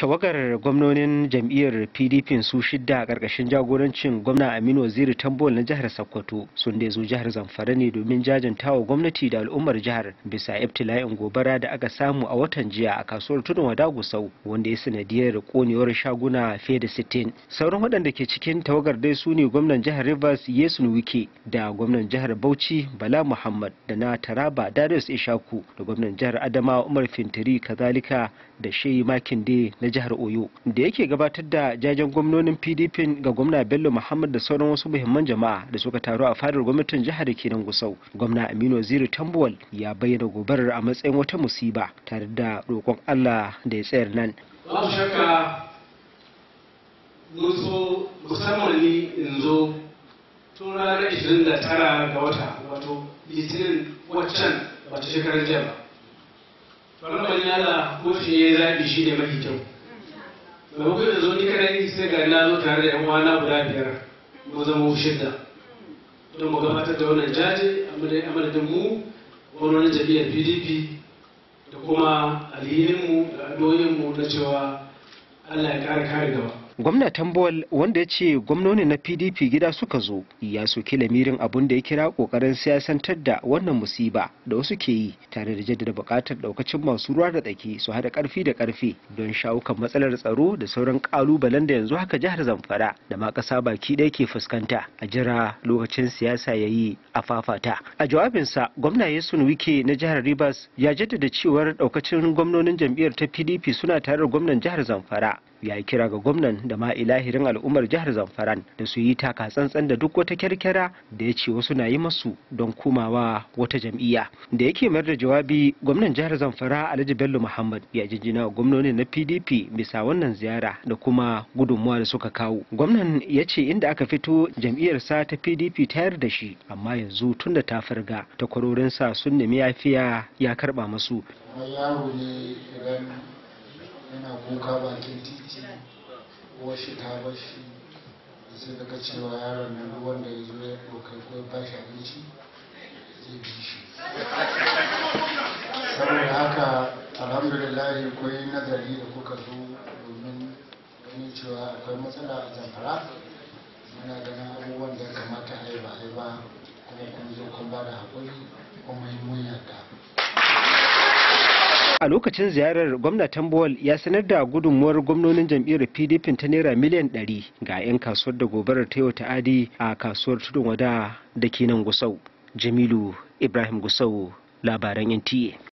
tawagar gwamnonin jam'iyyar pdp su shidda a ƙarƙashin jagorancin gwamna aminu waziri tambol na jihar sokoto sun dai zo jihar zamfara ne domin wa gwamnati da al'ummar jihar bisa ibtila'in gobara da aka samu a watan jiya a kasuwar tudun wada gusau wanda ya sanadiyar konewar shaguna fiye da sittin sauran waɗanda ke cikin tawagar dai su ne gwamnan jihar rivers yesu wike da gwamnan jihar bauchi bala muhammad da na taraba darius ishaku da gwamnan jihar adamawa umar fintiri kazalika da shehi makinde na jihar oyo da yake gabatar da jajen gwamnonin pdp ga gwamna bello muhammad da sauran wasu muhimman jama'a da suka taru a fadar gwamnatin jihar kenan gusau gwamna aminu waziri tambuwal ya bayyana gobarar a matsayin wata musiba tare da roƙon allah da ya tsayar nan babu tun ranar 29 ga wata wato litinin waccan wata shekarar jiya ba. yada ko shi ya zaɓi shi da mafi kyau. Ka na zo tare da yan uwana guda biyar mu zama shidda don mu gabatar da wannan jaje a madadin mu wani jami'ar pdp da kuma mu da mu na cewa allah ya kare kare gaba gwamna tambol wanda ya ce gwamnoni na pdp gida suka zo ya soki lamirin abun da ya kira kokarin siyasantar da wannan musiba da wasu ke yi tare da jaddada bukatar daukacin masu ruwa da tsaki su hada karfi da karfe don shawukan matsalar tsaro da sauran kalubalen da yanzu haka jihar zamfara da ma kasa baki ɗaya ke fuskanta a jira lokacin siyasa ya yi a fafata a jawabinsa gwamna yesun wike na jihar rivers ya jaddada cewar daukacin gwamnonin jam'iyyar ta pdp suna tare da gwamnan jihar zamfara ya yi kira ga gwamnan da ma ilahirin al'ummar jihar zamfaran da su yi taka tsantsan da duk wata kyarkyara da ya ce wasu na yi masu don komawa wata jam'iyya da yake mayar da jawabi gwamnan jihar zamfara alhaji bello muhammad ya jinjina wa gwamnoni na pdp bisa wannan ziyara da kuma gudunmuwa da suka kawo gwamnan ya ce inda aka fito jam'iyyarsa ta pdp tayar da shi amma yanzu tun da ta farga takwarorinsa sun nemi yafiya ya karba masu yana kuka bakin titi washi ta bashi sai daga cewa yaron nan duk wanda ya zo ya ɗauka ko ba shi abinci zai bi shi saboda haka alhamdulillah koyi nazari da kuka zo domin ganin cewa akwai matsala a zamfara muna ganin abubuwan da ya kamata a yi ba a yi ba kuma kun zo kun ba da haƙuri kuma yi mun a lokacin ziyarar gwamna tambowal ya sanar da gudunmuwar gwamnonin jam'iyyar pdp ta naira miliyan 100 ga 'yan kasuwar da gobarar ta yau ta'adi a kasuwar tudun wada da ke nan gusau jamilu ibrahim gusau labaran nta